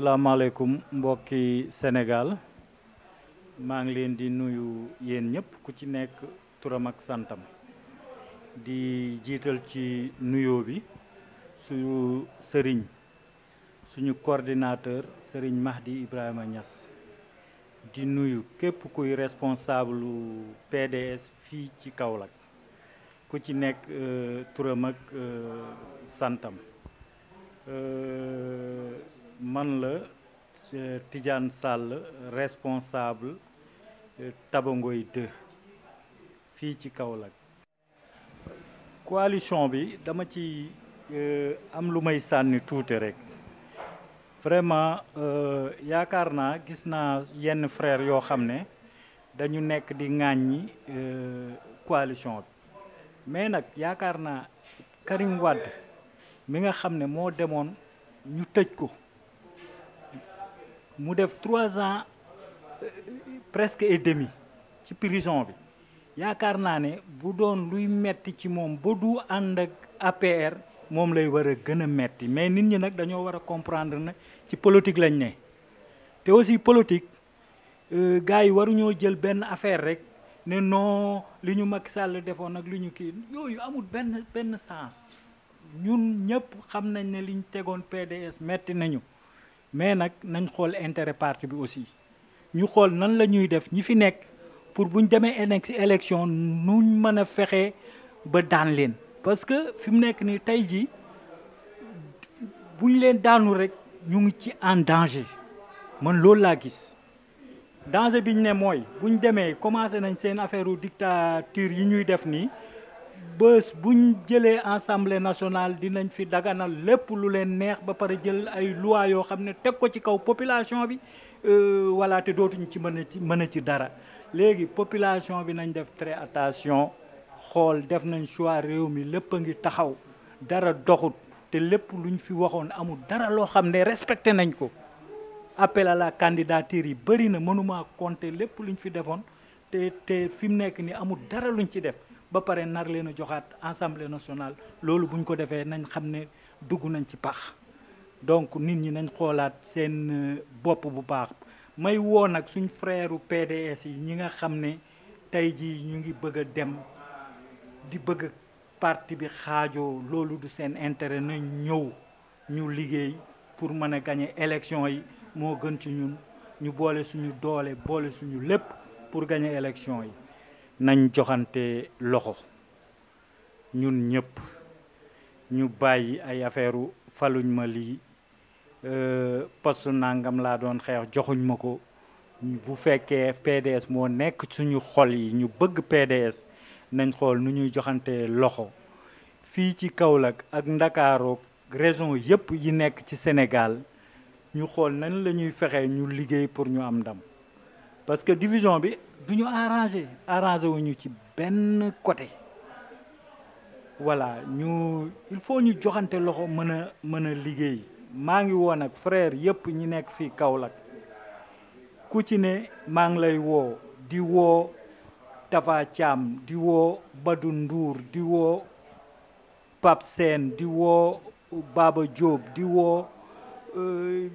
salaamaaleykum mbokki Sénégal maa ngi leen di nuyu yéen ñëpp ku ci nekk turam ak santam di jiital ci nuyoo bi suñu sëriñ suñu coordinateur sëriñ Mahdi Ibrahima ñas di nuyu képp kuy responsable PDS fii ci Kaolack ku ci nekk euh, turam ak euh, santam. Euh, man la Tidiane Sall responsable euh, Tabangoy 2 fii ci Kaolack coalition bi dama ci euh, am lu may sànni tuuti rek vraiment euh, yaakaar naa gis naa yenn frère yoo xam ne dañu nekk di ŋàññi coalition bi mais nag yaakaar naa Karim Wade mi nga xam ne moo demoon ñu tëj ko mu def trois ans euh, presque et demi ci prison bi yaakaar naa ne bu doon luy metti ci moom ba du ànd ak APR moom lay war a gën a metti mais nit ñi nag dañoo war a comprendre ne ci politique lañ ne te aussi politique euh, gars yi waruñoo jël benn affaire rek ne non li ñu Macky sàll defoon ak li ñu kii yooyu amul benn benn sens ñun ñëpp xam nañ ne liñ tegoon PDS metti nañu mais nag nañ xool intérêt parti bi aussi ñu xool nan la ñuy def ñi fi nekk pour buñ demee élection nuñ mën a fexe ba daan leen parce que fi mu nekk nii tey jii buñ leen daanu rek ñu ngi ci en danger man loolu laa gis danger biñ ne mooy buñ demee commencé nañ seen affaire u dictature yi ñuy def nii bës buñ jëlee assemblée nationale dinañ fi daganal lépp lu leen neex ba pare jël ay loi yoo xam ne teg ko ci kaw population bi wala euh, te dootuñu ci mën a ci mën a ci dara léegi population bi nañ def très attention xool def nañ choix réew mi lépp a ngi taxaw dara doxut te lépp luñ fi waxoon amul dara loo xam ne respecté nañ ko appel à yi bëri na mënuma compter lépp luñ fi defoon te te fi mu nekk ni amul dara luñ ci def ba pare nar leen a joxaat assemblée nationale loolu bu ñu ko defee nañ xam ne dugg nañ ci pax donc nit ñi nañ xoolaat seen euh, bopp bu baax may woo nag suñ freeru PDS yi ñi nga xam ne tey jii ñu ngi bëgg dem di bëgg parti bi xaajoo loolu du seen intérêt nañ ñëw ñu liggéey pour mën a gagner élection yi moo gën ci ñun ñu boole suñu doole boole suñu lépp pour gagner élection yi nañ joxante loxo ñun ñëpp ñu bàyyi ay affaire faluñ ma lii euh, poste nangam laa doon xeex joxuñ ma ko bu fekkee PDS moo nekk suñu xol yi ñu bëgg PDS nañ xool nu ñuy joxante loxo fii ci Kaolack ak Ndakaarook région yëpp yi nekk ci Sénégal ñu xool nan la ñuy fexee ñu liggéey pour ñu am ndam parce que division bi du ñu arrangé arrangé wu ñu ci benn côté voilà ñu il faut ñu joxante loxo mën a mën a liggéey maa ngi woon ak frère yëpp ñi nekk fii Kaolack ku ci ne maa ngi lay woo di woo Tafa Thiam di woo badu Ndour di woo Pape seen di woo Baba Diop di woo euh,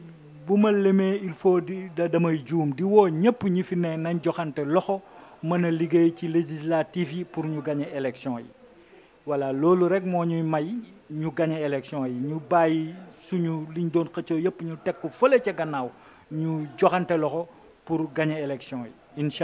bu ma lemee il faut di damay juum di woo ñëpp ñi fi ne nañ joxante loxo mën a liggéey ci législative yi pour ñu gañe élection yi voilà loolu rek moo ñuy may ñu gañe élection yi ñu bàyyi suñu liñ doon xëccoo yëpp ñu teg ko fële ca gannaaw ñu joxante loxo pour gañe élection yi incha